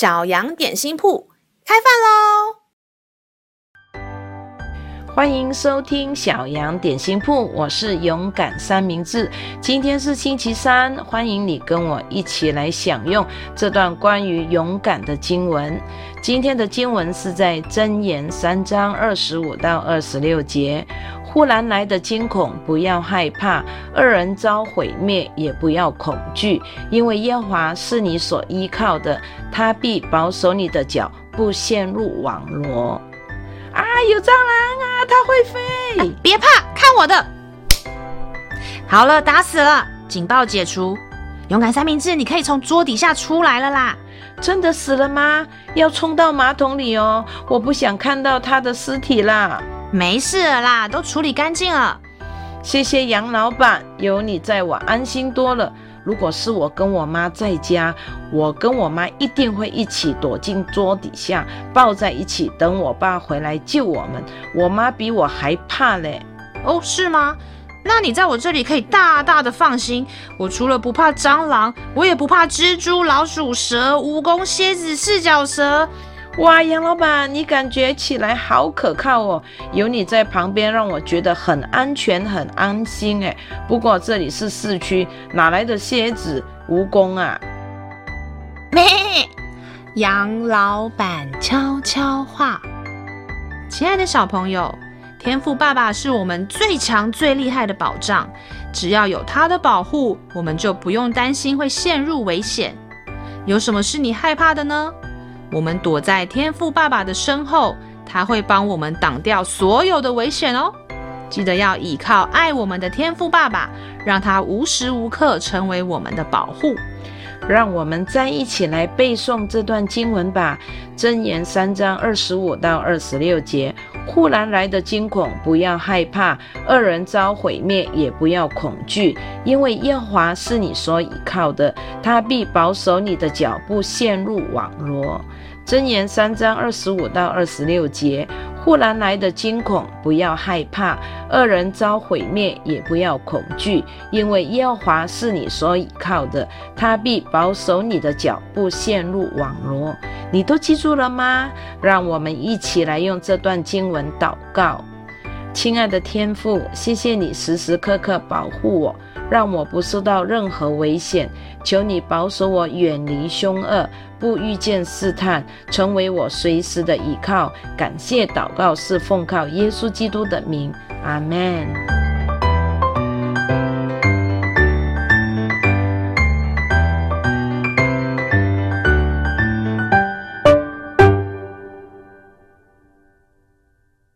小羊點心鋪開飯嘍！歡迎收聽小羊點心鋪，我是勇敢三明治。今天是星期三，歡迎你跟我一起來享用這段關於勇敢的經文。今天的經文是在箴言三章二十五到二十六節。忽然來的驚恐，不要害怕；惡人遭毀滅，也不要恐懼，因為耶和華是你所依靠的，他必保守你的腳，不陷入網羅。啊，有蟑螂啊！它會飛，別、啊、怕，看我的！好了，打死了，警報解除。勇敢三明治，你可以從桌底下出來了啦！真的死了嗎？要沖到馬桶裡哦！我不想看到他的屍體啦。沒事了啦，都處理乾淨了。謝謝楊老闆，有你在，我安心多了。如果是我跟我媽在家，我跟我媽一定會一起躲進桌底下，抱在一起，等我爸回來救我們。我媽比我還怕嘞。哦，是嗎？那你在我這裡可以大大的放心。我除了不怕蟑螂，我也不怕蜘蛛、老鼠、蛇、蜈蚣、蠍子、四腳蛇。哇，楊老闆，你感覺起來好可靠哦！有你在旁邊，讓我覺得很安全、很安心。哎，不過這裡是市區，哪來的蠍子、蜈蚣啊？咩？楊老闆悄悄話：親愛的小朋友，天父爸爸是我們最強、最厲害的保障，只要有他的保護，我們就不用擔心會陷入危險。有什麼是你害怕的呢？我們躲在天父爸爸的身後，他會幫我們擋掉所有的危險哦。記得要倚靠愛我們的天父爸爸，讓他無時無刻成為我們的保護。讓我們再一起來背誦這段經文吧，《箴言》三章二十五到二十六節。忽然來的驚恐，不要害怕；惡人遭毀滅，也不要恐懼，因為耶和華是你所倚靠的，他必保守你的腳步，陷入網羅。《箴言》三章二十五到二十六節。忽然來的驚恐，不要害怕；惡人遭毀滅，也不要恐懼，因為耶和華是你所倚靠的，他必保守你的腳不陷入網羅。你都記住了嗎？讓我們一起來用這段經文禱告：親愛的天父，謝謝你時時刻刻保護我。讓我不受到任何危險，求你保守我遠離兇惡，不遇見試探，成為我隨時的依靠。感謝禱告是奉靠耶穌基督的名，阿門。